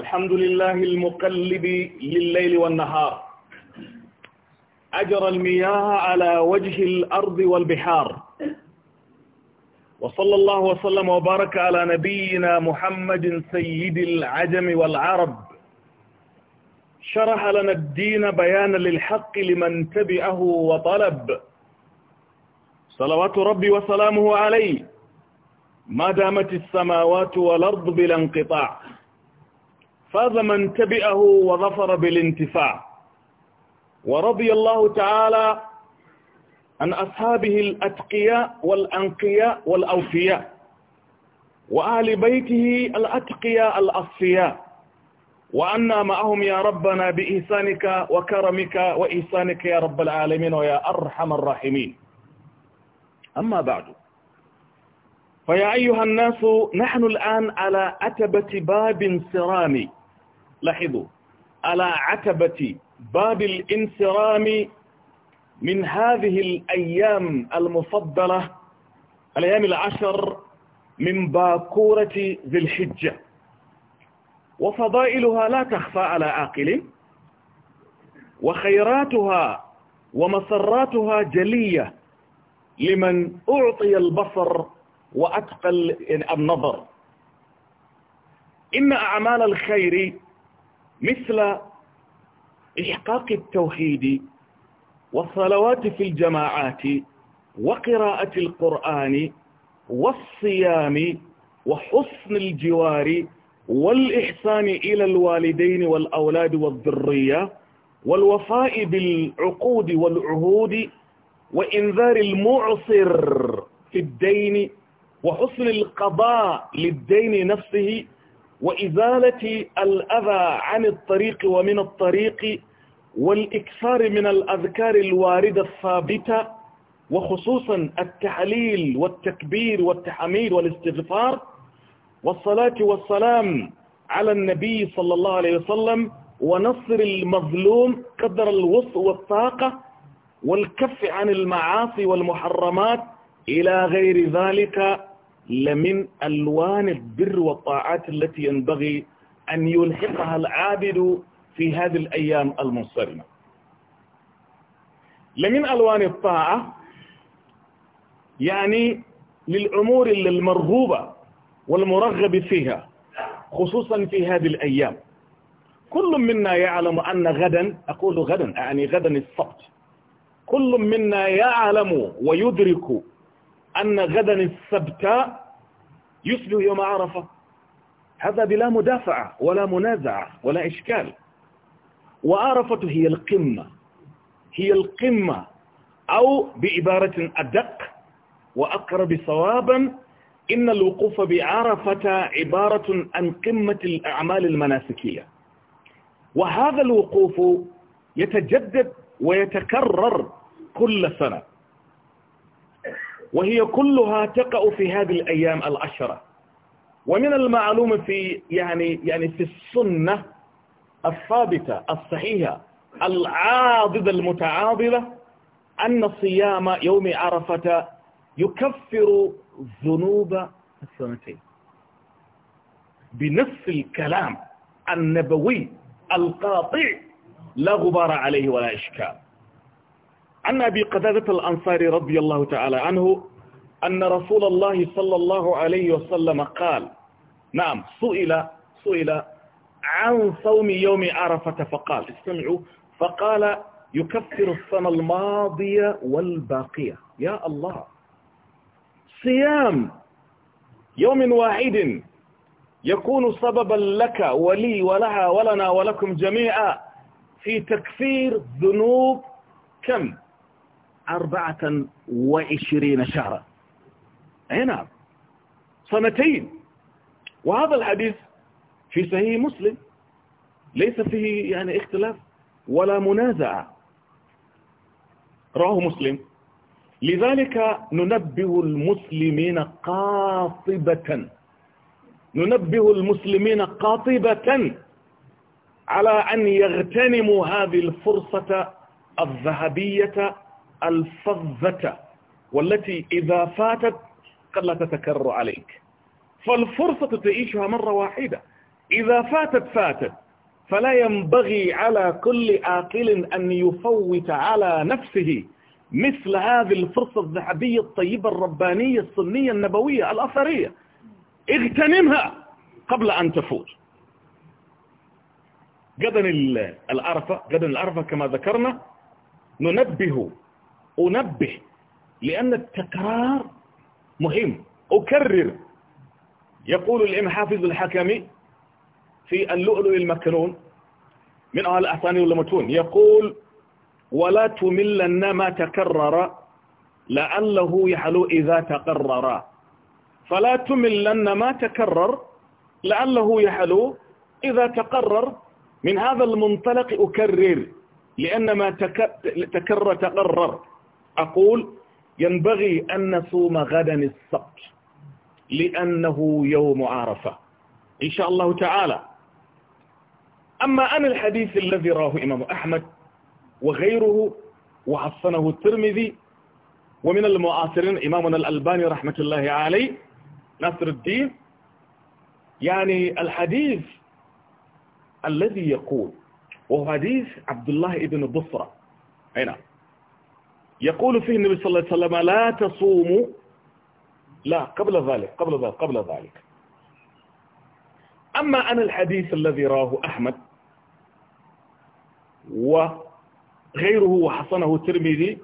الحمد لله المقلب لليل والنهار أجر المياه على وجه الأرض والبحار وصلى الله وسلم وبارك على نبينا محمد سيد العجم والعرب شرح لنا الدين بيانا للحق لمن تبعه وطلب صلوات ربي وسلامه عليه ما دامت السماوات والأرض بلا انقطاع فاز من تبعه وظفر بالانتفاع ورضي الله تعالى عن أصحابه الأتقياء والأنقياء والأوفياء وآل بيته الأتقياء الأصفياء وأنا معهم يا ربنا بإحسانك وكرمك وإحسانك يا رب العالمين ويا أرحم الراحمين أما بعد فيا أيها الناس نحن الآن على أتبة باب سرامي لاحظوا على عتبة باب الانصرام من هذه الأيام المفضلة الأيام العشر من باكورة ذي الحجة وفضائلها لا تخفى على عاقل وخيراتها ومسراتها جلية لمن أعطي البصر وأتقى يعني النظر إن أعمال الخير مثل إحقاق التوحيد والصلوات في الجماعات وقراءة القرآن والصيام وحسن الجوار والإحسان إلى الوالدين والأولاد والذرية والوفاء بالعقود والعهود وإنذار المعصر في الدين وحسن القضاء للدين نفسه وإزالة الأذى عن الطريق ومن الطريق والإكثار من الأذكار الواردة الثابتة وخصوصا التعليل والتكبير والتحميل والاستغفار والصلاة والسلام على النبي صلى الله عليه وسلم ونصر المظلوم قدر الوسع والطاقة والكف عن المعاصي والمحرمات إلى غير ذلك لمن ألوان البر والطاعات التي ينبغي أن يلحقها العابد في هذه الأيام المنصرمة لمن ألوان الطاعة يعني للأمور المرغوبة والمرغب فيها خصوصا في هذه الأيام كل منا يعلم أن غدا أقول غدا يعني غدا السبت كل منا يعلم ويدرك أن غدا السبت يصبح يوم عرفة هذا بلا مدافعة ولا منازعة ولا إشكال وعرفة هي القمة هي القمة أو بعبارة أدق وأقرب صوابا إن الوقوف بعرفة عبارة عن قمة الأعمال المناسكية وهذا الوقوف يتجدد ويتكرر كل سنة وهي كلها تقع في هذه الأيام العشرة ومن المعلوم في يعني يعني في السنة الثابتة الصحيحة العاضدة المتعاضدة أن صيام يوم عرفة يكفر ذنوب السنتين بنفس الكلام النبوي القاطع لا غبار عليه ولا إشكال عن أبي قتادة الأنصاري رضي الله تعالى عنه أن رسول الله صلى الله عليه وسلم قال نعم سئل سئل عن صوم يوم عرفة فقال استمعوا فقال يكفر السنة الماضية والباقية يا الله صيام يوم واحد يكون سببا لك ولي ولها ولنا ولكم جميعا في تكفير ذنوب كم أربعة وعشرين شهرا أي نعم سنتين وهذا الحديث في صحيح مسلم ليس فيه يعني اختلاف ولا منازعة رواه مسلم لذلك ننبه المسلمين قاطبة ننبه المسلمين قاطبة على أن يغتنموا هذه الفرصة الذهبية الفظة والتي إذا فاتت قد لا تتكرر عليك فالفرصة تعيشها مرة واحدة إذا فاتت فاتت فلا ينبغي على كل عاقل أن يفوت على نفسه مثل هذه الفرصة الذهبية الطيبة الربانية السنية النبوية الأثرية اغتنمها قبل أن تفوت غدا العرفة غدا العرفة كما ذكرنا ننبه أنبه لأن التكرار مهم أكرر يقول الإم حافظ الحكمي في اللؤلؤ المكنون من أهل الأحسان والمتون يقول ولا تملن ما تكرر لعله يحلو إذا تقرر فلا تملن ما تكرر لعله يحلو إذا تقرر من هذا المنطلق أكرر لأن ما تكرر تقرر أقول ينبغي أن نصوم غدا السبت لأنه يوم عرفة إن شاء الله تعالى أما عن الحديث الذي راه إمام أحمد وغيره وحصنه الترمذي ومن المعاصرين إمامنا الألباني رحمة الله عليه نصر الدين يعني الحديث الذي يقول وهو حديث عبد الله بن بصرة هنا يقول فيه النبي صلى الله عليه وسلم لا تصوموا لا قبل ذلك قبل ذلك قبل ذلك أما أنا الحديث الذي راه أحمد وغيره وحصنه الترمذي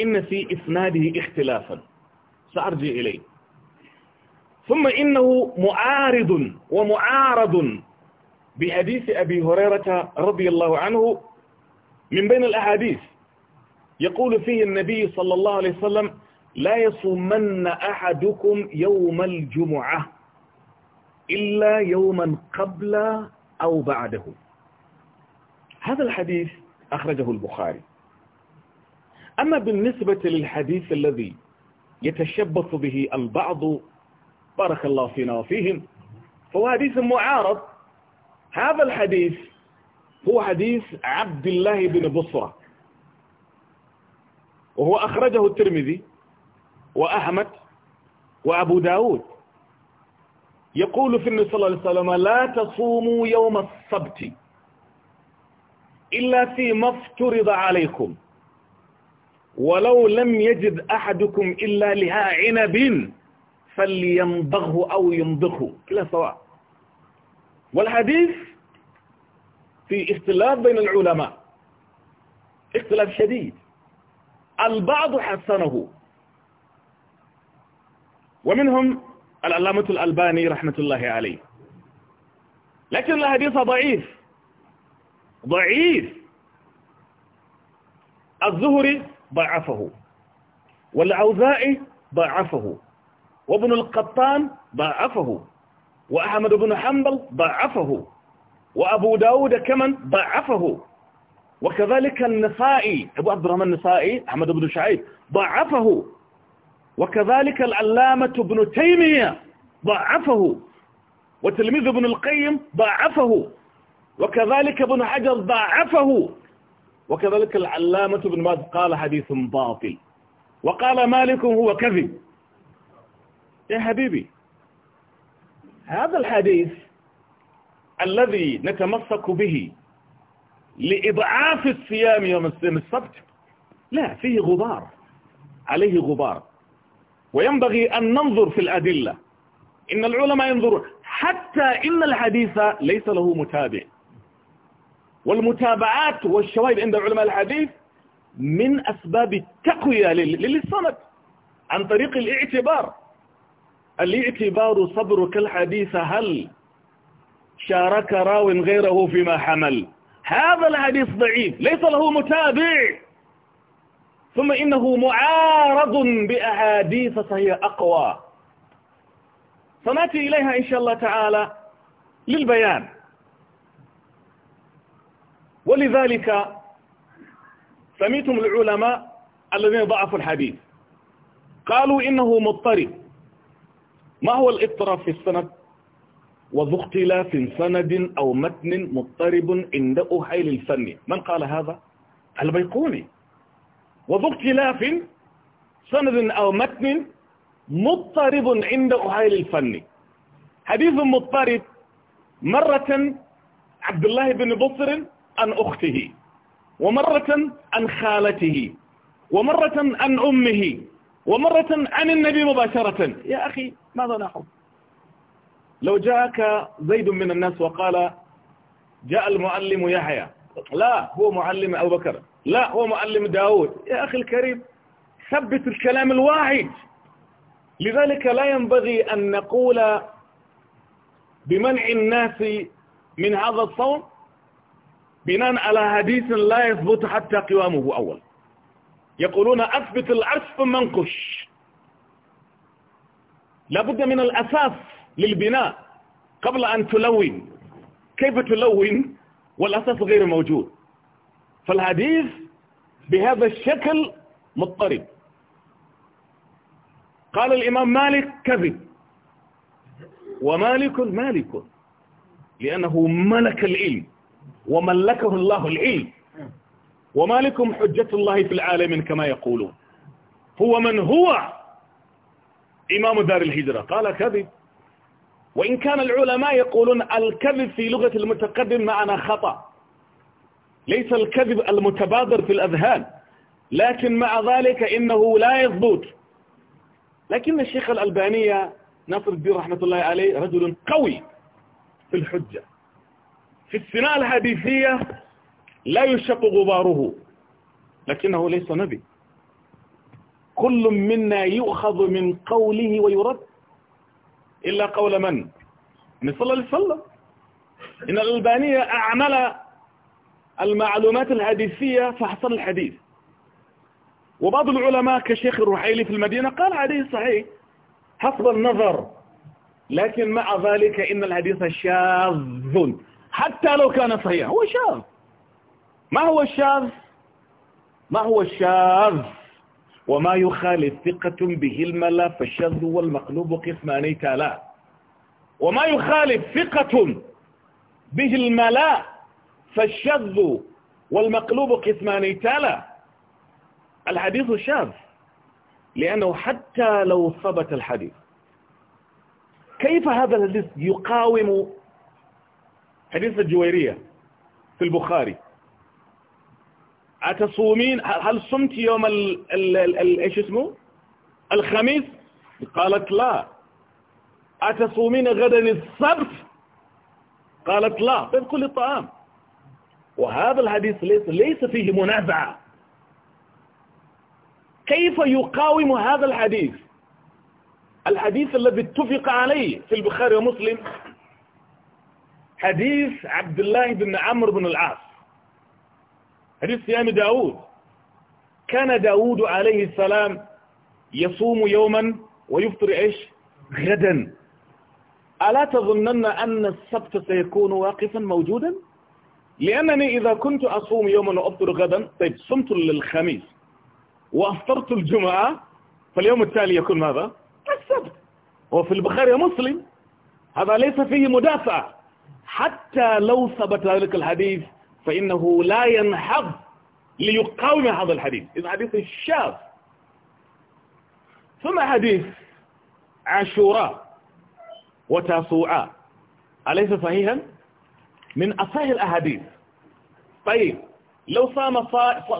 إن في إسناده اختلافا سأرجع إليه ثم إنه معارض ومعارض بحديث أبي هريرة رضي الله عنه من بين الأحاديث يقول فيه النبي صلى الله عليه وسلم لا يصومن أحدكم يوم الجمعة إلا يوما قبل أو بعده هذا الحديث أخرجه البخاري أما بالنسبة للحديث الذي يتشبث به البعض بارك الله فينا وفيهم فهو حديث معارض هذا الحديث هو حديث عبد الله بن بصرة وهو أخرجه الترمذي وأحمد وأبو داود يقول في النبي صلى الله عليه وسلم لا تصوموا يوم السبت إلا فيما افترض عليكم ولو لم يجد أحدكم إلا لها عنب فليمضغه أو يمضغه كلا سواء والحديث في اختلاف بين العلماء اختلاف شديد البعض حسنه ومنهم العلامة الألباني رحمة الله عليه لكن الحديث ضعيف ضعيف الزهري ضعفه والعوزائي ضعفه وابن القطان ضعفه وأحمد بن حنبل ضعفه وأبو داود كمن ضعفه وكذلك النسائي أبو عبد الرحمن النسائي أحمد بن شعيب ضعفه وكذلك العلامة ابن تيمية ضعفه وتلميذ ابن القيم ضعفه وكذلك ابن حجر ضعفه وكذلك العلامة ابن باز قال حديث باطل وقال مالك هو كذب يا حبيبي هذا الحديث الذي نتمسك به لإضعاف الصيام يوم السبت لا فيه غبار عليه غبار وينبغي أن ننظر في الأدلة إن العلماء ينظرون حتى إن الحديث ليس له متابع والمتابعات والشواهد عند علماء الحديث من أسباب التقوية للصمت عن طريق الاعتبار الاعتبار صبرك الحديث هل شارك راو غيره فيما حمل هذا الحديث ضعيف ليس له متابع ثم إنه معارض بأحاديث فهي أقوى سنأتي إليها إن شاء الله تعالى للبيان ولذلك سميتم العلماء الذين ضعفوا الحديث قالوا إنه مضطرب ما هو الاضطراب في السند وذو في سند أو متن مضطرب عند اهل الفن من قال هذا؟ البيقوني وذو في سند أو متن مضطرب عند اهل الفن حديث مضطرب مرة عبد الله بن بصر عن أخته ومرة عن خالته ومرة عن أمه ومرة عن النبي مباشرة يا أخي ماذا نحب لو جاءك زيد من الناس وقال جاء المعلم يحيى لا هو معلم أبو بكر لا هو معلم داود يا أخي الكريم ثبت الكلام الواحد لذلك لا ينبغي أن نقول بمنع الناس من هذا الصوم بناء على حديث لا يثبت حتى قوامه أول يقولون أثبت العرش ثم انقش لابد من الأساس للبناء قبل أن تلون كيف تلون والأساس غير موجود فالحديث بهذا الشكل مضطرب قال الإمام مالك كذب ومالك مالك لأنه ملك العلم وملكه الله العلم ومالكم حجة الله في العالم كما يقولون هو من هو إمام دار الهجرة قال كذب وإن كان العلماء يقولون الكذب في لغة المتقدم معنا خطأ ليس الكذب المتبادر في الأذهان لكن مع ذلك إنه لا يضبط لكن الشيخ الألبانية ناصر الدين رحمة الله عليه رجل قوي في الحجة في السنة الحديثية لا يشق غباره لكنه ليس نبي كل منا يؤخذ من قوله ويرد إلا قول من من صلى الله عليه وسلم إن الألبانية أعمل المعلومات الحديثية فحصل الحديث وبعض العلماء كشيخ الرحيلي في المدينة قال عليه صحيح حسب النظر لكن مع ذلك إن الحديث شاذ حتى لو كان صحيحا هو شاذ ما هو الشاذ ما هو الشاذ وما يخالف ثقة به الملا فالشذ والمقلوب قسماني تالا وما يخالف ثقة به الملا فالشذ والمقلوب قسماني تالا الحديث شاذ لأنه حتى لو ثبت الحديث كيف هذا الحديث يقاوم حديث الجويرية في البخاري أتصومين هل صمت يوم ال ال ال إيش اسمه الخميس قالت لا أتصومين غدا السبت قالت لا طيب كل الطعام وهذا الحديث ليس, ليس فيه منازعة كيف يقاوم هذا الحديث الحديث الذي اتفق عليه في البخاري ومسلم حديث عبد الله بن عمرو بن العاص حديث صيام داود كان داود عليه السلام يصوم يوما ويفطر إيش غدا ألا تظنن أن السبت سيكون واقفا موجودا لأنني إذا كنت أصوم يوما وأفطر غدا طيب صمت للخميس وأفطرت الجمعة فاليوم التالي يكون ماذا السبت وفي البخاري مسلم هذا ليس فيه مدافع حتى لو ثبت ذلك الحديث فإنه لا ينحض ليقاوم هذا الحديث إذا حديث الشاف ثم حديث عاشوراء وتاسوعاء أليس صحيحا من أصح الأحاديث طيب لو صام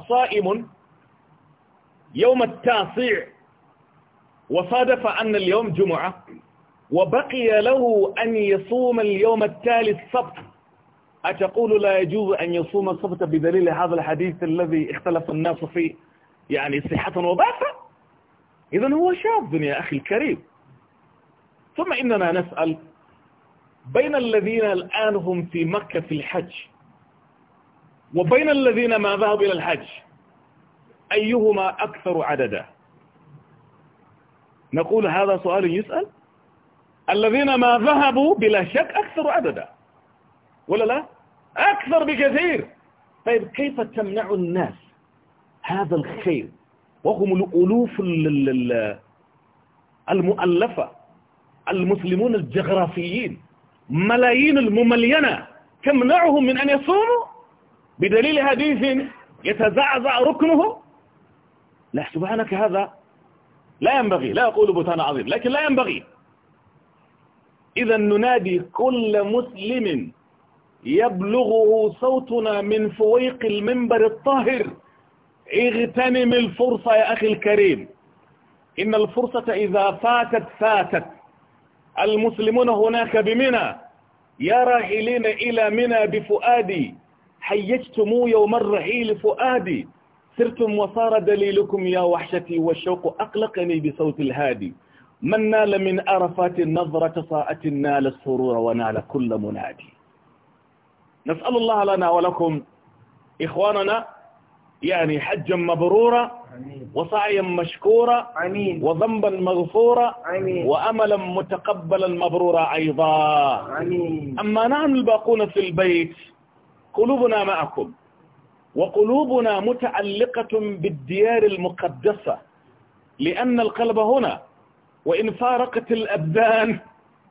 صائم يوم التاسع وصادف أن اليوم جمعة وبقي له أن يصوم اليوم التالي السبت أتقول لا يجوز أن يصوم الصفة بدليل هذا الحديث الذي اختلف الناس فيه يعني صحة وضعفة إذا هو شاذ يا أخي الكريم ثم إننا نسأل بين الذين الآن هم في مكة في الحج وبين الذين ما ذهبوا إلى الحج أيهما أكثر عددا نقول هذا سؤال يسأل الذين ما ذهبوا بلا شك أكثر عددا ولا لا أكثر بكثير طيب كيف تمنع الناس هذا الخير وهم الألوف المؤلفة المسلمون الجغرافيين ملايين المملينة تمنعهم من أن يصوموا بدليل حديث يتزعزع ركنه لا سبحانك هذا لا ينبغي لا أقول بهتان عظيم لكن لا ينبغي إذا ننادي كل مسلم يبلغه صوتنا من فويق المنبر الطاهر اغتنم الفرصة يا أخي الكريم إن الفرصة إذا فاتت فاتت المسلمون هناك بمنى يا راحلين إلى منى بفؤادي حيجتم يوم الرحيل فؤادي سرتم وصار دليلكم يا وحشتي والشوق أقلقني بصوت الهادي من نال من أرفات النظرة صاءت نال السرور ونال كل منادي نسأل الله لنا ولكم إخواننا يعني حجا مبرورا وسعيا مشكورا آمين وذنبا مغفورا آمين وأملا متقبلا مبرورا أيضا آمين أما نحن الباقون في البيت قلوبنا معكم وقلوبنا متعلقة بالديار المقدسة لأن القلب هنا وإن فارقت الأبدان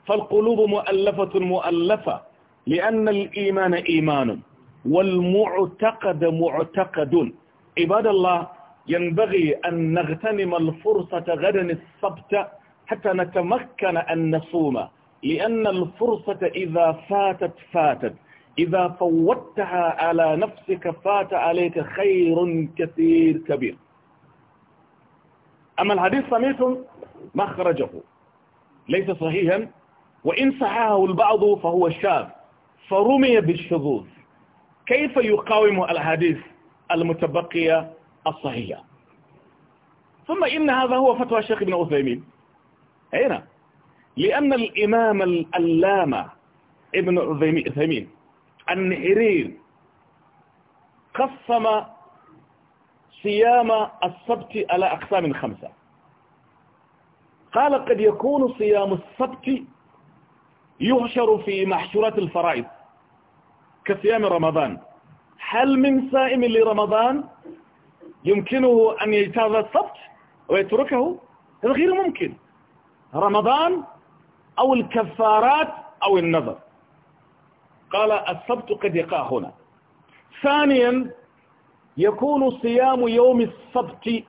فالقلوب مؤلفة مؤلفة لأن الإيمان إيمان والمعتقد معتقد عباد الله ينبغي أن نغتنم الفرصة غدا السبت حتى نتمكن أن نصوم لأن الفرصة إذا فاتت فاتت إذا فوتها على نفسك فات عليك خير كثير كبير أما الحديث سمعتم مخرجه ليس صحيحا وإن صححه البعض فهو شاذ فرمي بالشذوذ كيف يقاوم الحديث المتبقية الصحية ثم إن هذا هو فتوى الشيخ ابن عثيمين هنا لأن الإمام الألامة ابن عثيمين النهرين قسم صيام السبت على أقسام خمسة قال قد يكون صيام السبت يحشر في محشورات الفرائض كصيام رمضان هل من صائم لرمضان يمكنه أن يجتاز السبت ويتركه هذا غير ممكن رمضان أو الكفارات أو النظر قال السبت قد يقع هنا ثانيا يكون صيام يوم السبت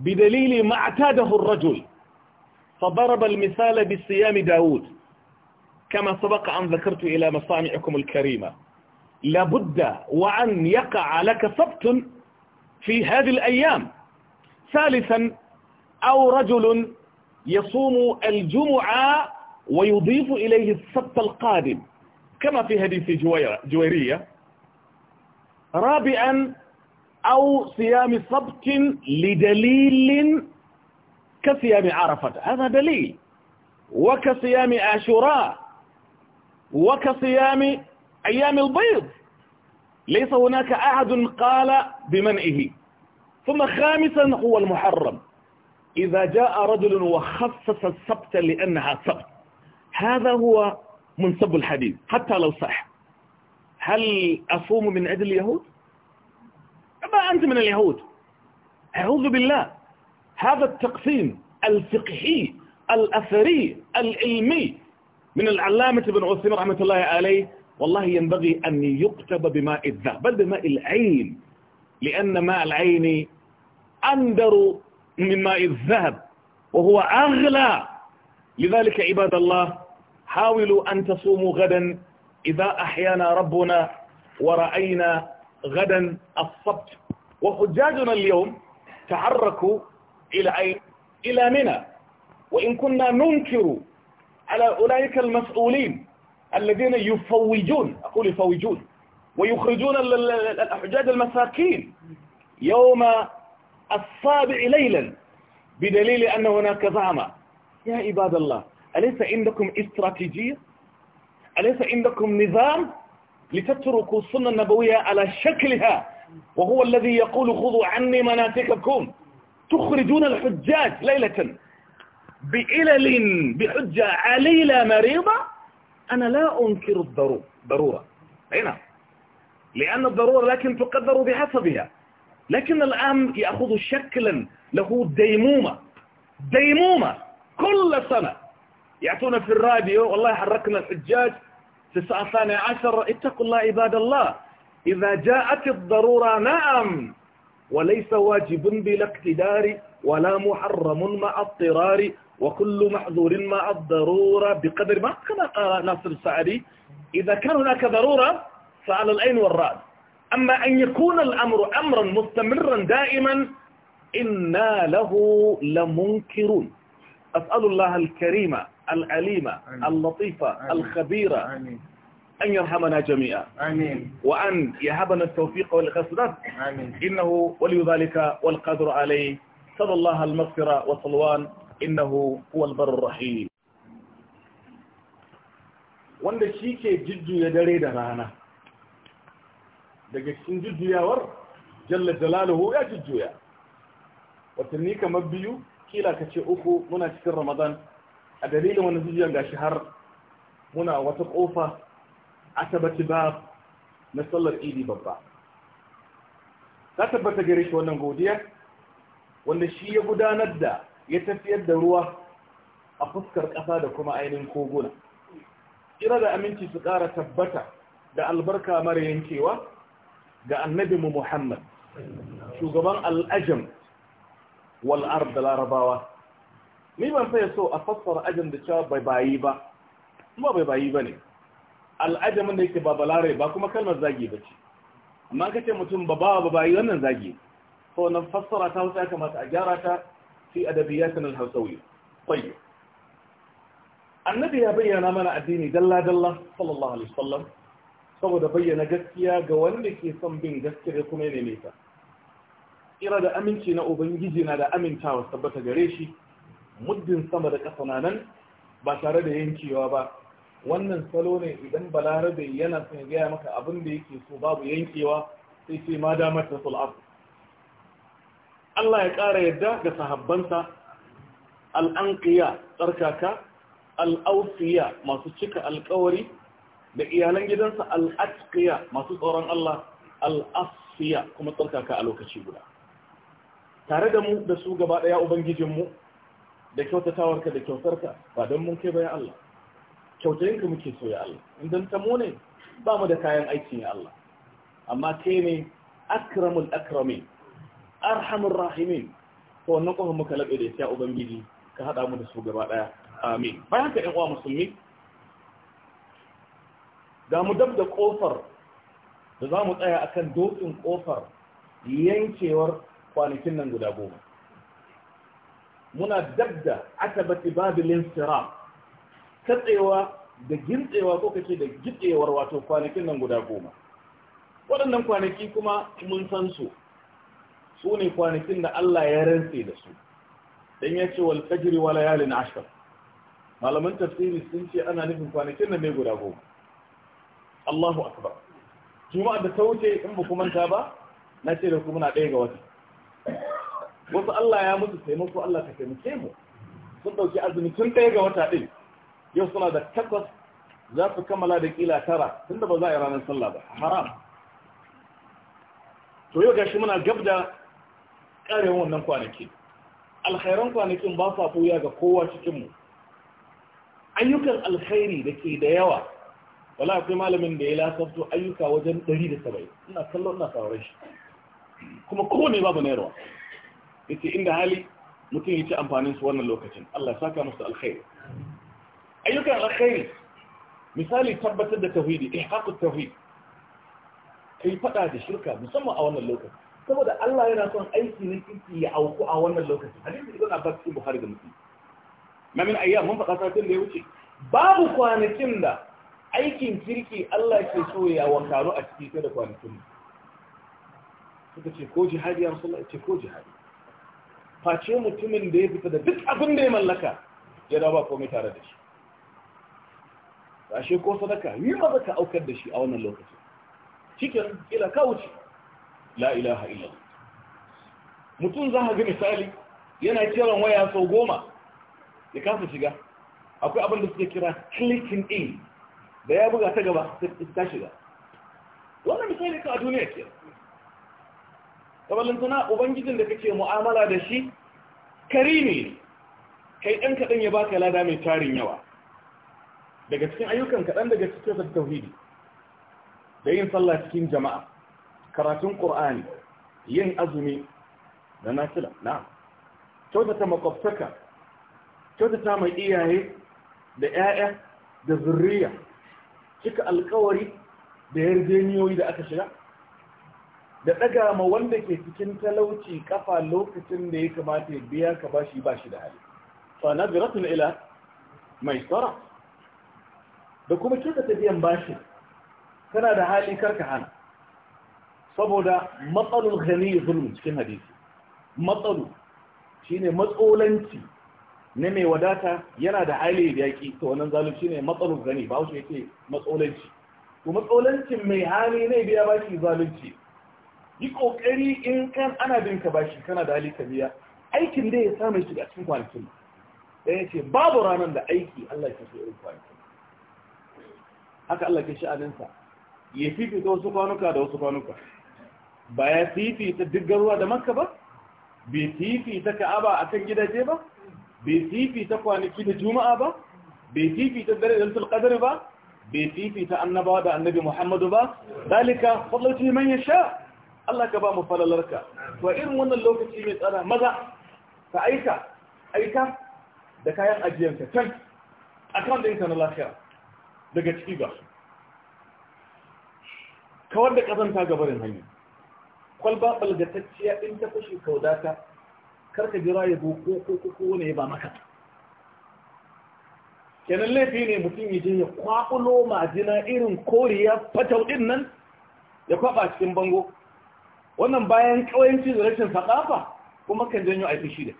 بدليل ما اعتاده الرجل فضرب المثال بصيام داود كما سبق أن ذكرت إلى مصانعكم الكريمة لابد وأن يقع لك سبت في هذه الأيام ثالثا أو رجل يصوم الجمعة ويضيف إليه السبت القادم كما في هديث جويرية رابعا أو صيام سبت لدليل كصيام عرفة هذا دليل وكصيام عاشوراء وكصيام أيام البيض ليس هناك أحد قال بمنئه ثم خامسا هو المحرم إذا جاء رجل وخصص السبت لأنها سبت هذا هو منصب الحديث حتى لو صح هل أصوم من أجل اليهود؟ ما أنت من اليهود أعوذ بالله هذا التقسيم الفقهي الأثري العلمي من العلامة ابن عثيم رحمة الله عليه والله ينبغي أن يكتب بماء الذهب بل بماء العين لأن ماء العين أندر من ماء الذهب وهو أغلى لذلك عباد الله حاولوا أن تصوموا غدا إذا أحيانا ربنا ورأينا غدا الصبت وحجاجنا اليوم تحركوا إلى أين؟ إلى منى وإن كنا ننكر على أولئك المسؤولين الذين يفوجون أقول يفوجون ويخرجون الأحجاج المساكين يوم السابع ليلا بدليل أن هناك زعمة يا عباد الله أليس عندكم استراتيجية أليس عندكم نظام لتتركوا السنة النبوية على شكلها وهو الذي يقول خذوا عني مناسككم تخرجون الحجاج ليلة بعلل بحجة عليلة مريضة أنا لا أنكر الضرورة ضرورة هنا نعم. لأن الضرورة لكن تقدر بحسبها لكن الآن يأخذ شكلا له ديمومة ديمومة كل سنة يعطونا في الراديو والله حركنا الحجاج في الساعة الثانية عشر اتقوا الله عباد الله إذا جاءت الضرورة نعم وليس واجب بلا اقتدار ولا محرم مع اضطرار وكل محظور مع الضرورة بقدر ما كما قال ناصر السعدي إذا كان هناك ضرورة فعلى العين والرأس أما أن يكون الأمر أمرا مستمرا دائما إنا له لمنكرون أسأل الله الكريمة العليمة اللطيفة الخبيرة آمين. أن يرحمنا جميعا آمين وأن يهبنا التوفيق والغسدات آمين إنه ولي ذلك والقدر عليه صلى الله المغفرة والصلوان innahu huwal barur rahim wanda shi ke jujjuya dare da rana daga cikin jujjuyawar jalla jalaluhu ya jujjuya watanni kamar biyu kila ka ce uku muna cikin ramadan a dalilin wani jujjuyan gashi har muna wata kofa a tabbati ba na sallar idi babba ta tabbata gare shi wannan godiya wanda shi ya gudanar da ya tafiyar da ruwa a fuskar ƙasa da kuma ainihin koguna kira da aminci su ƙara tabbata da albarka mara yankewa ga annabinmu muhammad shugaban al'ajam wal'ar da larabawa ni ban faya so a fassara ajin da cewa bai bayi ba kuma bai bayi ba ne al'ajamin da yake ba balare ba kuma kalmar zagi ba ce amma ka ce mutum ba ba ba bayi wannan zagi so nan fassara ta wasu ya kamata a gyara ta في أدبياتنا الهوسوية طيب ya bayyana mana addini dalla dalla, صلى الله عليه وسلم saboda bayyana gaskiya ga wanda ke son bin gaskiya kuma ya neme ta da aminci na ubangiji na da amintawa tabbata gare shi muddin sama da ƙasa nan ba tare da yankewa ba wannan salo ne idan balarabe yana son gaya maka abin da yake so babu yankewa sai ce ma damar ta sul'afu Allah ya ƙara yadda ga sahabbansa al'anƙiya tsarkaka al'aufiya masu cika alƙawari da iyalan gidansa al'atƙiya masu tsoron Allah al'afiya kuma tsarkaka a lokaci guda tare da mu da su gaba ɗaya ubangijinmu da kyautatawarka da kyautarka ba don mun kai bayan Allah kyautarinka muke so ya Allah idan ta mu ne ba mu da kayan aikin ya Allah amma kai ne akramul akramin arhamur rahimin to wannan kuma muka labe da ya ubangiji ka hada mu da su gaba daya amin bayan ka ɗan uwa musulmi ga mu dab da kofar da za mu tsaya akan dokin ƙofar yankewar kwanakin nan guda goma muna dab da atabati babilin sira katsewa da gintsewa ko kace da gitsewar wato kwanakin nan guda goma waɗannan kwanaki kuma mun san su su ne kwanakin da Allah ya rantse da su dan ya ce wal fajri wa layalin ashar malaman tafsiri sun ce ana nufin kwanakin nan ne guda goma Allahu akbar juma'a da ta wuce in ba kuma ta ba na ce da kuma na ɗaya ga wata wasu Allah ya mutu taimako Allah ka taimake mu sun ɗauki azumi tun ɗaya ga wata ɗin yau suna da takwas za su kammala da kila tara tunda ba za a yi ranar sallah ba haram to yau gashi muna gab da karewan wannan kwanaki alkhairan kwanakin ba sa buya ga kowa cikinmu ayyukan alkhairi da ke da yawa wala akwai malamin da ya lasafto ayyuka wajen 170 ina kallon ina sauraron shi kuma kowane babu nairwa yace inda hali mutum ya ci amfanin su wannan lokacin Allah ya saka musu alkhairi ayyukan alkhairi misali tabbatar da tauhidi ihqaqut ka yi faɗa da shirka musamman a wannan lokacin saboda Allah yana son aiki na kirki ya auku a wannan lokaci hadisi ibn Abbas su Bukhari da Muslim ma min ayyam mun faɗa satin da ya babu kwanakin da aikin kirki Allah ke so ya wankaro a cikin da kwanakin suka ce ko jihadi ya Rasulullah ce ko jihadi face mutumin da ya fita da duk abin da ya mallaka ya dawo ba komai tare da shi ashe ko sadaka yi ba ka aukar da shi a wannan lokaci cikin kila ka wuce la ilaha mutum za ka ga misali yana kiran waya sau goma ya kasa shiga akwai abin da suke kira clicking in da ya buga ta gaba ta shiga wannan misali ka a duniya ke tana ubangijin da kake mu'amala da shi karimi ne kai ɗan kaɗan ya baka lada mai tarin yawa daga cikin ayyukan kaɗan daga cikin tauhidi da yin sallah cikin jama'a karatun ƙur'ani yin azumi da nasila na kyautata makwabtaka kyautata mai iyaye da 'ya'ya da zurriya cika alkawari da yarjeniyoyi da aka shiga da ɗaga ma wanda ke cikin talauci kafa lokacin da ya kamata ya biya ka bashi bashi da hali fa naziratun ila mai tsara da kuma kyautata biyan bashi tana da hali karka hana saboda matsalul ghani zulm cikin hadisi matsalu shine matsolanci na mai wadata yana da hali da yaki to wannan zalunci ne matsalul ghani ba wuce yake matsolanci to matsolancin mai hali ne biya baki zalunci yi kokari in kan ana bin ka shi kana da hali ka biya aikin da ya samu shi a cikin kwanakin da ya ce babu ranar da aiki Allah ya kashe irin kwanakin haka Allah ke sha'aninsa ya fifita wasu kwanuka da wasu kwanuka ba ya fifita duk ruwa da makka ba bai fifita ka'aba a kan gidaje ba bai fifita kwanaki da juma'a ba bai fifita dare da qadr ba bai fifita annabawa da annabi muhammadu ba dalika fadlati man sha? Allah ka ba mu falalarka to irin wannan lokaci mai tsada maza ka aika aika da kayan ajiyarka can akan ɗinka na lafiya daga ciki ga kawar da kazanta gabarin hanyar kwalba balgatacciya in ta fashe kaudata karka jira ya zo ko ko ko wani ya ba maka kenan laifi ne mutum ya je ya kwakulo majina irin koriya fatau din nan ya kwaba cikin bango wannan bayan kawayanci da rashin sakafa kuma kan janyo a shi da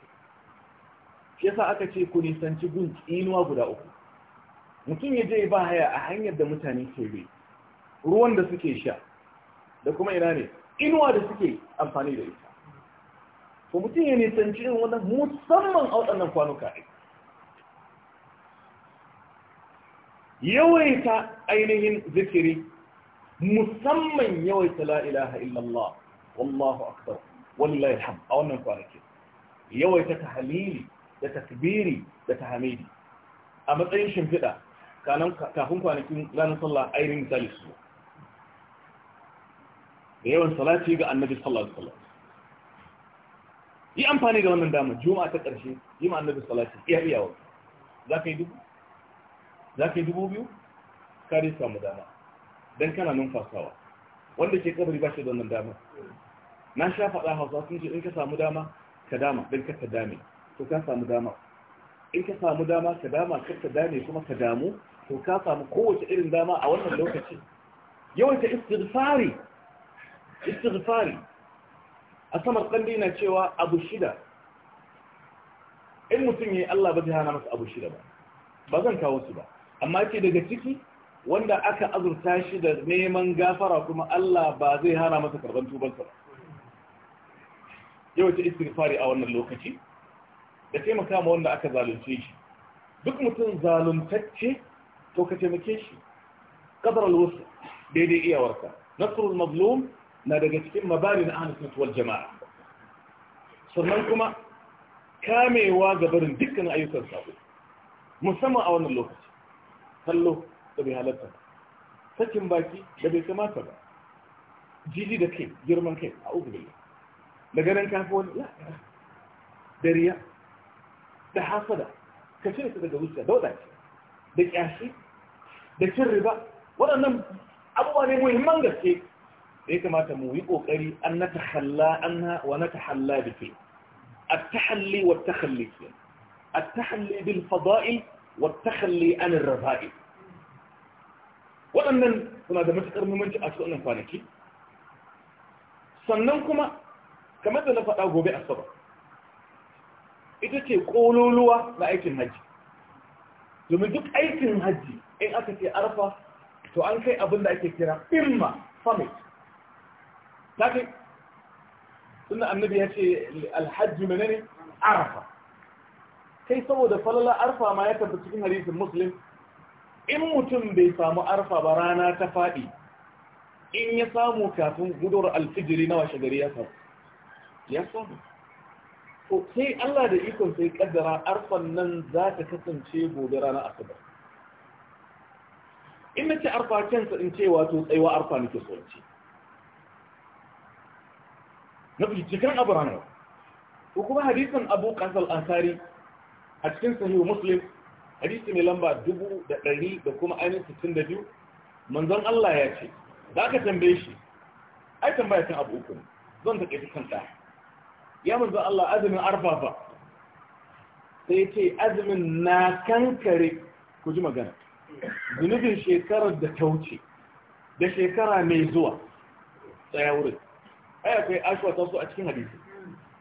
shi yasa aka ce ku nisanci gun inuwa guda uku mutum ya je ba haya a hanyar da mutane ke bi ruwan da suke sha da kuma ina ne inuwa da suke amfani da ita ko mutum ya nisanci irin wannan musamman a waɗannan kwanuka ne yawaita ainihin zikiri musamman yawaita la ilaha illallah wallahu akbar wallahi ham a wannan kwanaki yawaita tahlili da takbiri da tahmidi a matsayin shimfiɗa kafin kwanakin ranar sallah ainihin misali su da yawan salati ga annabi sallallahu alaihi wasallam yi amfani da wannan damar juma'a ta ƙarshe yi ma annabi salati iya iyawa za ka yi dubu za ka yi dubu biyu ka dai samu dama don kana numfasawa wanda ke kabari ba shi da wannan dama na sha faɗa hausa sun ce in ka samu dama ka dama don ka ta dame to ka samu dama in ka samu dama ka dama kar ka dame kuma ka damu to ka samu kowace irin dama a wannan lokaci yawaita istighfari istighfari a samar kandi na cewa abu shida in mutum ya yi Allah ba zai hana masa abu shida ba ba zan kawo su ba amma ke daga ciki wanda aka azurta shi da neman gafara kuma Allah ba zai hana masa karban tubansa ba yawanci istighfari a wannan lokaci da taimaka ma wanda aka zalunce shi duk mutum zaluntacce to ka taimake shi Ƙadar al daidai iyawarka nasrul mazlum na daga cikin mabari na ahlus wal jama'a sannan kuma kamewa ga barin dukkan ayyukan sabo musamman a wannan lokaci kallo da bai halatta sakin baki da bai kamata ba jiji da kai girman kai a uku da daga nan wani la da da hasada ka cire su daga zuciya da da kyashi da cin riba waɗannan abubuwa ne muhimman gaske da ya kamata mu yi kokari an na tahalla anha wa na tahalla biki at-tahalli wa at-takhalli at-tahalli bil fada'il wa at-takhalli an ar-raba'il waɗannan suna da matukar muhimmanci a cikin kwanaki sannan kuma kamar da na faɗa gobe a asabar ita ce ƙololuwa na aikin hajji domin duk aikin hajji in aka ce arfa to an kai abin da ake kira firma summit kafin suna annabi ya ce alhaji mene ne arafa kai saboda falala arfa ma ya tafi cikin hadisin muslim in mutum bai samu arfa ba rana ta faɗi in ya samu kafin gudur alfijiri na washe gari ya samu ya samu to sai Allah da ikon sai kaddara arfan nan za ta kasance gobe rana asabar in na ce arfa kensa in ce wato tsaiwa arfa nake so ce na fushice kan abu ranar ko kuma hadisin abu kasar ansari a cikin sahihu muslim hadisi mai lamba dubu da ɗari da kuma ainihin sittin da biyu manzon allah ya ce za ka tambaye shi ai tambaya kan abu uku zan taƙaita kan ɗaya ya manzon allah azumin arfafa sai ce azumin na kankare ku ji magana zunubin shekarar da ta wuce da shekara mai zuwa tsaya wurin ai akwai ta su a cikin hadisi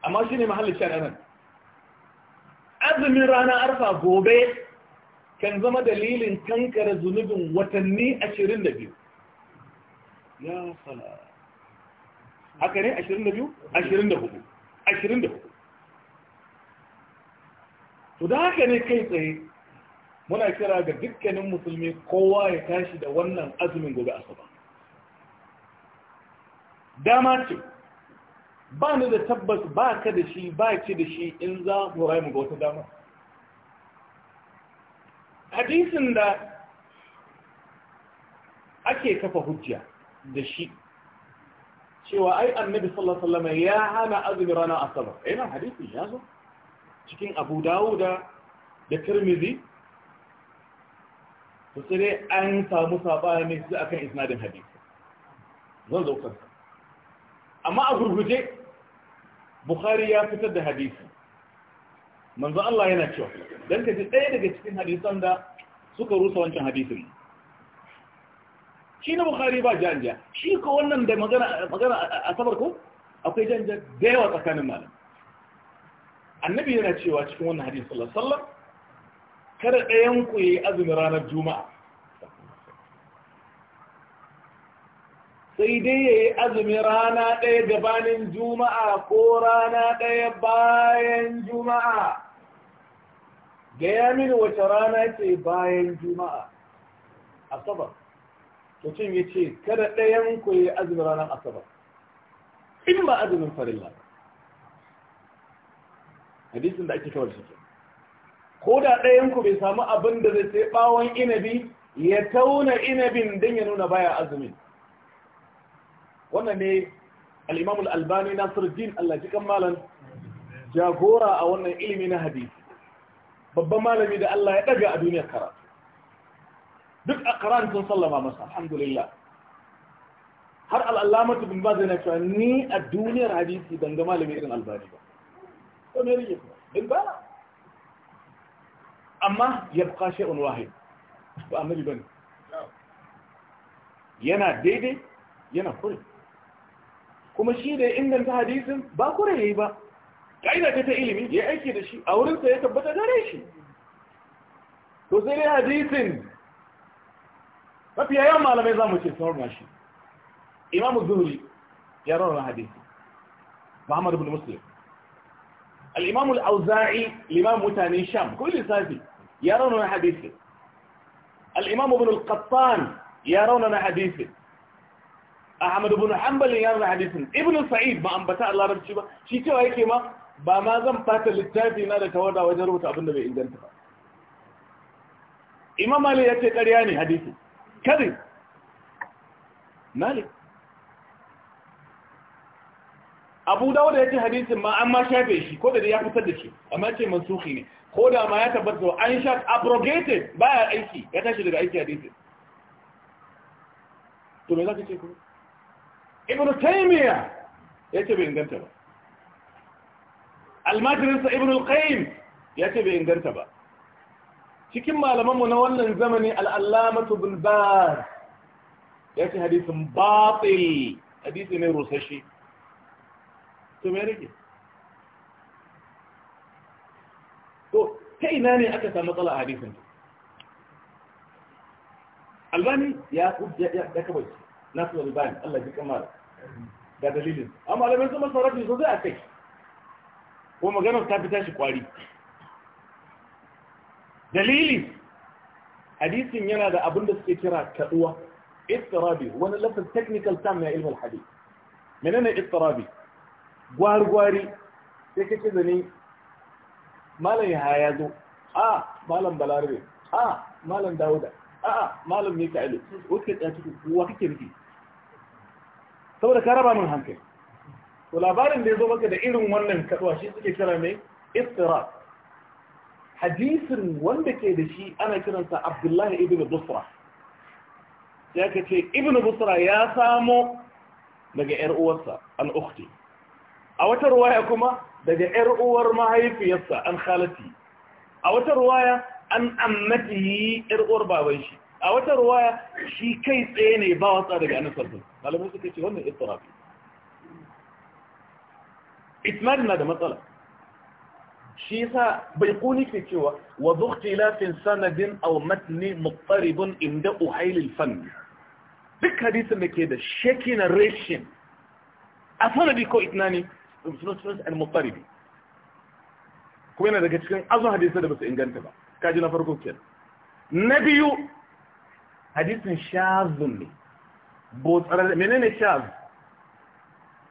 amma shine mahallin shan anan azumin rana arfa gobe kan zama dalilin kankara zunubin watanni 22 ya fala. haka ne 22 24 24 to da haka ne kai tsaye muna kira ga dukkanin musulmi kowa ya tashi da wannan azumin gobe asabar dama ce ba ni da tabbas ba ka da shi ba ki da shi in za mu rai mu ga wata dama hadisin da ake kafa hujja da shi cewa ai annabi sallallahu alaihi wasallam ya hana azumi rana asabar ina eh, hadisi ya zo cikin Abu Dawud da Tirmidhi to sai an samu sabani akan isnadin hadisi zan zo kansa amma a gurguje bukhari ya fitar da hadisi manzo Allah yana cewa dan ka ji ɗaya daga cikin hadisan da suka rusa wancan hadisin shi na bukhari ba janja shi ko wannan da magana magana a sabar ko akwai janja da yawa tsakanin malam annabi yana cewa cikin wannan hadisi sallallahu alaihi wasallam kada ɗayan ku yi azumin ranar juma'a sai dai ya yi azumi rana ɗaya gabanin juma'a ko rana ɗaya bayan juma'a gaya mini wace rana ce bayan juma'a asabar mutum ya ce kada ɗayan ku yi azumi ranar asabar in ba azumin farilla hadisin da ake kawar shi ko da ɗayan ku bai samu abin da zai sai ɓawon inabi ya tauna inabin don ya nuna baya azumin wannan ne al-imam al-albani nasiruddin Allah jikan malan jagora a wannan ilimi na hadisi babban malami da Allah ya ɗaga a duniyar kara. duk a karan sun sallama masa alhamdulillah har al'allamatu bin ba zai na cewa ni a duniyar hadisi ban ga malami irin albani ba ko ne rike kuma bin ba amma ya fi buka shi'un wahid ba annabi bane yana daidai yana kuri kuma shi da ya inganta hadisin ba kure yayi ba kaida ta ilimi ya aiki da shi a wurin sa ya tabbata gare shi to sai dai hadisin mafiya yawan malamai za mu ce sun shi imam zuhri ya rauna hadisi muhammad ibn muslim al-imam al-auza'i limam mutanen sham ko lissafi ya rauna hadisi al-imam ibn al-qattan ya rauna hadisi Ahmad ibn Hanbal ya rubuta hadisin Ibn Sa'id ba bata Allah rabbi ba shi cewa yake ma ba ma zan fata littafi na da tawada wajen rubuta abin da bai inganta ba Imam Ali ya ce ƙarya ne hadisi kare Malik Abu Dawud ya ce hadisin ma an ma shafe shi ko da ya fitar da shi amma ce mansuhi ne ko da ma ya tabbata an sha abrogated baya aiki ya tashi daga aiki hadisin to me za ka ce kuma ibn taymiya yace bai inganta ba almajirin sa ibn al-qayyim yace bai inganta ba cikin malamanmu na wannan zamani al-allamatu bin baz yace hadisin batil hadisi ne rusashi to me rike to ta ina ne aka samu matsala a hadisin albani ya kudda ya daka bai nasu albani Allah ji kamar da dalilin amma alamai sun masa rafi zai a kai ko maganar ta fi tashi kwari dalili hadisin yana da abin da suke kira kaduwa istirabi wani lafin technical term na ilmul hadis menene istirabi gwargwari sai kake zane malam ya ya zo a malam balarabe a malam dauda a malam mika'ilu wuce tsaya cikin kowa kake nufi saboda ka raba min hankali to labarin da ya zo maka da irin wannan kaduwa shi suke kira mai istira hadisin wanda ke da shi ana kiransa abdullahi ibn busra ya ka ce ibn busra ya samo daga yar uwarsa an ukhti a wata ruwaya kuma daga yar uwar mahaifiyarsa an khalati a wata ruwaya an ammatihi yar uwar baban shi a wata ruwaya shi kai tsaye ne ba watsa daga annabi sallallahu alaihi wasallam malamai suka ce wannan ittiraf isnad na da matsala shi sa bai kuni ke cewa wa lafin sanadin aw matni muqtaribun inda uhail al-fan duk hadisin da ke da sheki na narration a sanadi ko itnani sunan al-muqtaribi kuma yana daga cikin azu hadisai da ba su inganta ba kaji na farko kenan na biyu hadisin shazun ne menene shaz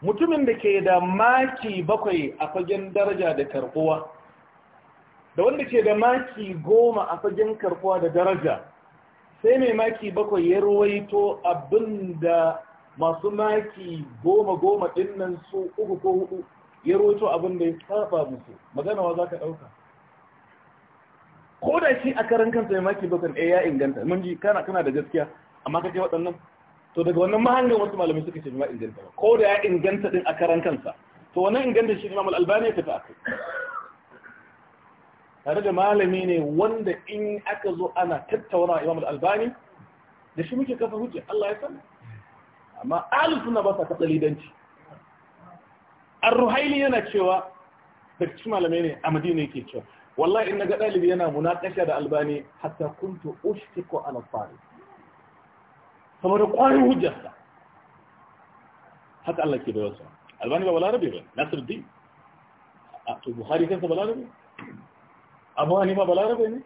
mutumin da ke da maki bakwai a fagen daraja da karbuwa da wanda ke da maki goma a fagen karbuwa da daraja sai mai maki bakwai ya ruwaito abinda masu maki goma goma dinnan su uku ko hudu ya ruwaito abinda ya saba musu maganawa za ka ɗauka ko da shi a karan kansa mai maki bakan eh ya inganta mun ji kana kana da gaskiya amma kace waɗannan to daga wannan mahangan wasu malamai suka ce ma inganta ba ko da ya inganta din a karan kansa to wannan inganta shi Imam Al-Albani ya tafi akai tare da malami ne wanda in aka zo ana tattauna Imam Al-Albani da shi muke kafa hujja Allah ya sani amma ahlus sunna ba sa kafa lidanci Ar-Ruhaili yana cewa da cikin malamai ne a Madina yake cewa والله إن قتالي بينا مناقشة الألباني حتى كنت أشتك على الطالب ثم رقاني هجستا حتى الله أه، كيف يوصى ألباني بابا العربي بي. نصر الدين البخاري كيف بابا العربي أبواني بابا العربي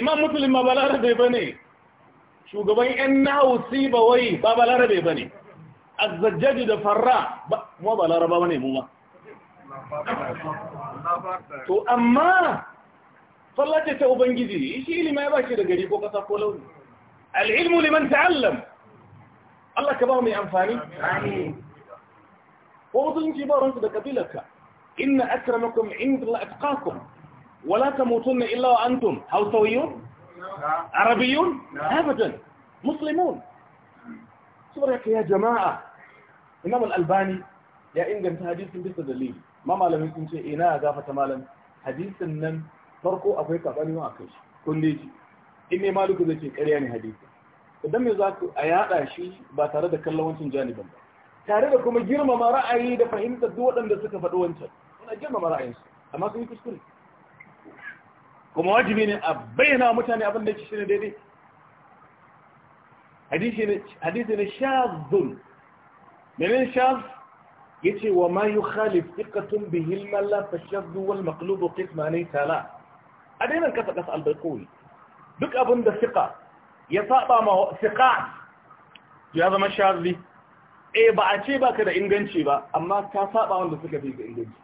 إمام مسلم بابا العربي بني شو قبني إنه سيب وي بابا العربي بني الزجاج دفرا ب... مو بابا العربي بني مو ما to amma fallace ta ubangiji shi ilimi ya shi da gari ko kasa ko launi al'ilmu liman ta'allam Allah ka ba mai amfani ko mutunci ba ransu da kabilarka inna akramakum inda la atqakum wala tamutunna illa wa antum hausawiyun arabiyun abadan muslimun saboda ya jama'a imam albani ya inganta hadisin bisa dalili ma malamin sun ce ina ta malam hadisin nan farko akwai sabani a kai kulle ji in ne maluku zai ce ƙarya ne hadisi idan me za ku a yada shi ba tare da kallon wancan janibin ba tare da kuma girmama ra'ayi da fahimtar duk waɗanda suka faɗi wancan suna girmama ra'ayinsu amma sun yi kuskure kuma wajibi ne a bayyana mutane abin da ke shi ne daidai hadisi ne shazun menene shaz yace wa ma yukhalif thiqatun bihi al-malla fashaddu wal maqlubu qismani tala a daina kasa kasa al-baqul duk abin da thiqa ya saba ma thiqa ya zama sharri eh ba a ce baka da inganci ba amma ka saba wanda suka fi da inganci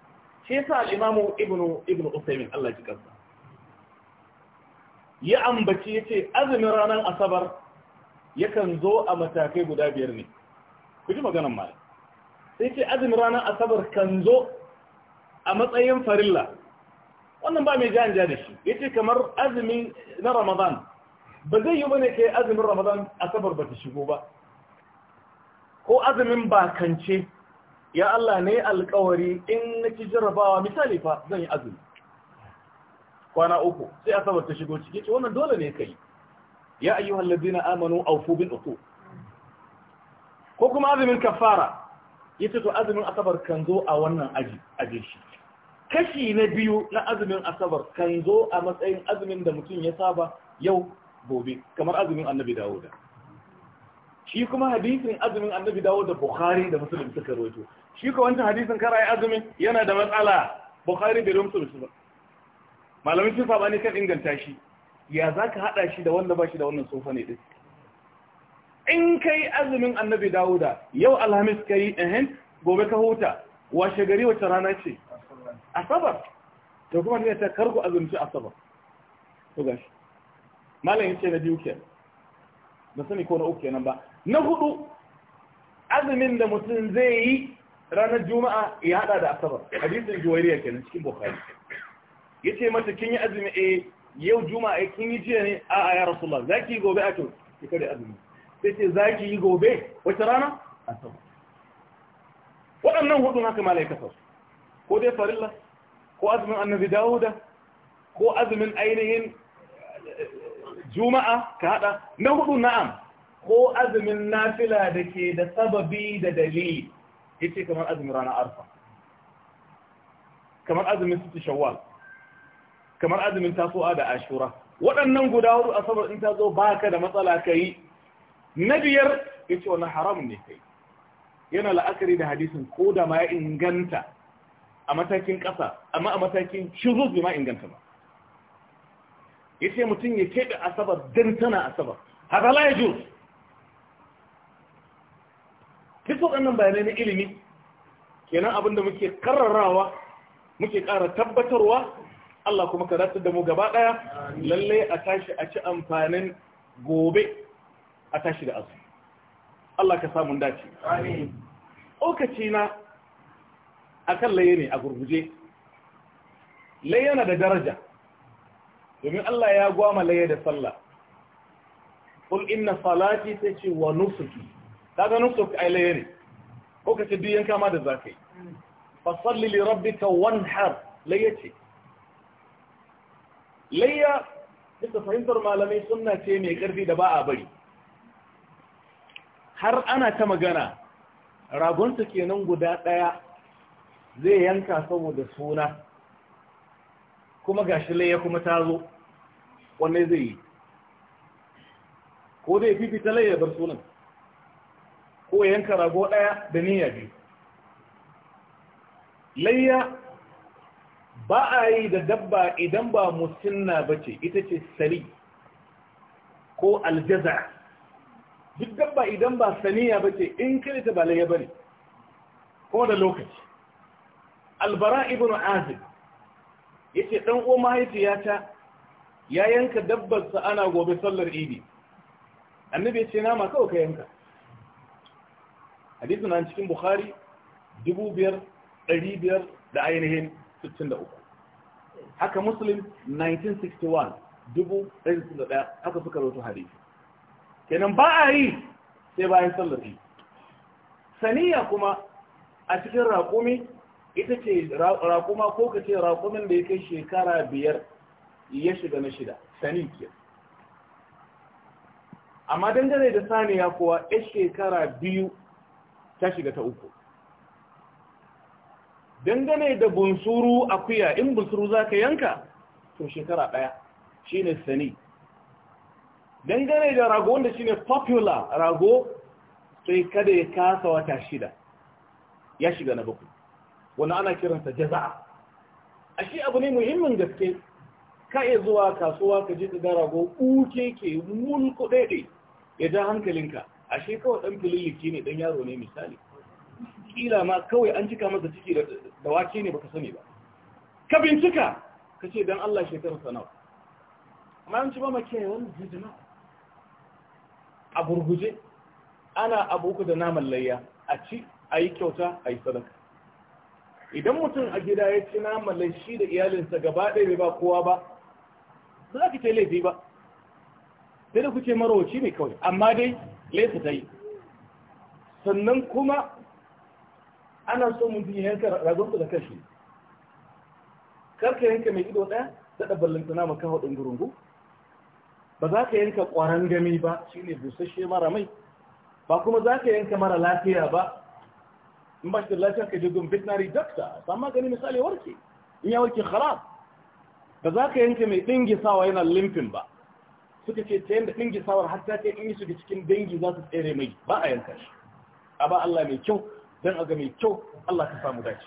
shi yasa al-imamu ibnu ibnu usaymin Allah ya kansa ya ambaci yace azumin ranar asabar yakan zo a matakai guda biyar ne ku ji maganar malam sai ce azumin ranar asabar kan zo a matsayin farilla wannan ba mai jan ja da shi ya ce kamar azumi na ramadan ba zai yi ba ne ka yi azumin ramadan asabar ba ta shigo ba ko azumin bakance ya Allah ne alkawari in na ci jarrabawa misali fa zan yi azumi kwana uku sai asabar ta shigo ciki ce wannan dole ne ka yi ya ayyuhallazina amanu aufu bil uqu ko kuma azumin kafara yace to azumin asabar kan zo a wannan aji aje shi kashi na biyu na azumin asabar kan zo a matsayin azumin da mutum ya saba yau gobe kamar azumin annabi dawuda shi kuma hadisin azumin annabi dawuda bukhari da muslim suka rawaito shi ko wancan hadisin karai azumin yana da matsala bukhari bai rumsu ba malamin sun saba ne kan inganta shi ya zaka hada shi da wanda ba shi da wannan sofa ne din in kai azumin annabi dawuda yau alhamis ka yi gobe ka huta washe gari wace rana ce asabar to kuma ne ta karku azumci asabar to gashi malam yace na biyu kenan ba sani ko na uku kenan ba na hudu azumin da mutum zai yi ranar juma'a ya hada da asabar hadisin juwairiya kenan cikin bukhari yace mata kin yi azumi eh yau juma'a eh, kin yi jiya ne a a ya rasulullah zaki gobe a to ki kare azumi sai ce za yi gobe wata rana asabar waɗannan hudun haka malaikata su ko dai farilla ko azumin annabi dauda ko azumin ainihin juma'a ka hada na hudu na'am ko azumin nafila da ke da sababi da dalili yace kamar azumin rana arfa kamar azumin sitti shawwal kamar azumin tasu'a da ashura waɗannan guda hudu asabar in ta zo baka da matsala kai na biyar ya ce wani haramun ne kai yana la'akari da hadisin ko da ma ya inganta a matakin ƙasa amma a matakin shiruz bai ma inganta ba ya ce mutum ya keɓe asabar don tana asabar haka la ya juz duk waɗannan bayanai na ilimi kenan abin da muke karrarawa muke ƙara tabbatarwa Allah kuma ka zartar da mu gaba ɗaya lallai a tashi a ci amfanin gobe a tashi da asu Allah ka samun dace amin okaci na a kan laye ne a gurguje laye na da daraja domin Allah ya gwama laye da sallah kul inna salati sai ce wa nusuki kaga nusuki ai laye ne okaci duk kama da zafi. fa salli li rabbika har. laye ce layya bisa fahimtar malamai sunna ce mai ƙarfi da ba a bari har ana ta magana ragonsa kenan guda ɗaya zai yanka saboda suna kuma gashi laye kuma ta zo wanne zai yi ko zai ta laye bar sunan ko yanka rago ɗaya da niyya biyu layya ba a yi da dabba idan ba musinna ba ce ita ce sari ko aljaza duk dabba idan ba saniya ba ce in kare ta ba ba ne ko da lokaci albara ibn azib ya ce ɗan uwan haiti ya yanka dabbarsa ana gobe sallar idi annabi ya ce nama kawai ka yanka hadithu na cikin bukhari 5,500 da ainihin 63 haka muslim 1961 dubu 1,000 haka suka rotu hadithu kenan ba a yi sai bayan sallar yi saniya kuma a cikin raƙumi ita ce raƙuma ko ka ce raƙumin da ya kai shekara biyar ya shiga na shida sani ke amma dangane da saniya kuwa ya shekara biyu ta shiga ta uku dangane da bunsuru akuya in bunsuru za ka yanka to shekara ɗaya shi ne sani dangane da rago wanda shine popular rago sai kada ya kasa wata shida ya shiga na bakwai wannan ana kiransa jaza'a ashe abu ne muhimmin gaske ka iya zuwa kasuwa ka ji ka ga rago uke ke mulku daidai ya ja hankalinka ashe kawai dan fililiki ne ɗan yaro ne misali kila ma kawai an cika masa ciki da wake ne baka sani ba ka bincika ka ce don Allah shekarar sana'a amma yanci ba makiyaye wannan jama'a a burguje, ana abu uku da naman layya a ci a yi kyauta a yi sadaka idan mutum a gida ya ci naman layya shi da iyalinsa gaba ɗaya bai ba kowa ba ba za ki ta laifi ba sai da kuke marowaci ne kawai amma dai laifi ta yi sannan kuma ana so mun ya yankar ragonsa da kashi karka yanka mai ido ɗaya da ɗabbalin na kawo ɗin gurungu ba za ka yanka ƙwaron gami ba shi ne busasshe mara mai ba kuma za ka yanka mara lafiya ba in ba shi da lafiya ka jirgin gun veterinary doctor samu magani misali warke in ya warke kharab ba za ka yanka mai ɗingisawa yana limfin ba suka ce ta yanda ɗingisawar har ta ce in yi su cikin dangi za su tsere mai ba a yanka shi a ba Allah mai kyau don a ga mai kyau Allah ka samu dace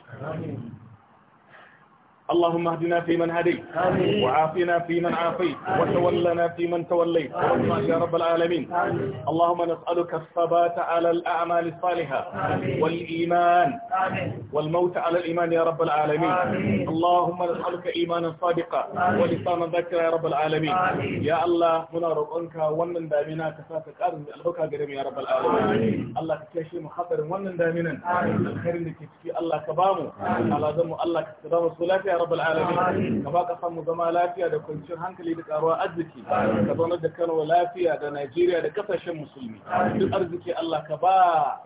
اللهم اهدنا في من هديت وعافنا في من عافيت وتولنا في من توليت يا رب العالمين اللهم نسألك الثبات على الأعمال الصالحة والإيمان والموت على الإيمان يا رب العالمين اللهم نسألك إيمانا صادقا ولسانا ذكرا يا رب العالمين يا الله هنا رؤونك ومن دامنا كفاتك أرض الهكا يا رب العالمين الله كتشي مخطر ومن دامنا الخير اللي تشكي الله كبامه على زمه الله كتبامه صلاتي يا rabbal alamin ka baka samu zama lafiya da kwanciyar hankali da karuwa arziki ka zaunar da Kano lafiya da Najeriya da kasashen musulmi duk arziki Allah ka ba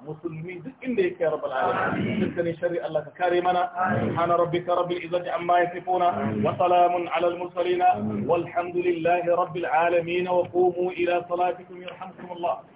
musulmi duk inda yake ya rabbal alamin dukkanin shari Allah ka kare mana subhana rabbika rabbil izzati amma yasifuna wa salamun ala al mursalin والحمد لله رب العالمين وقوموا إلى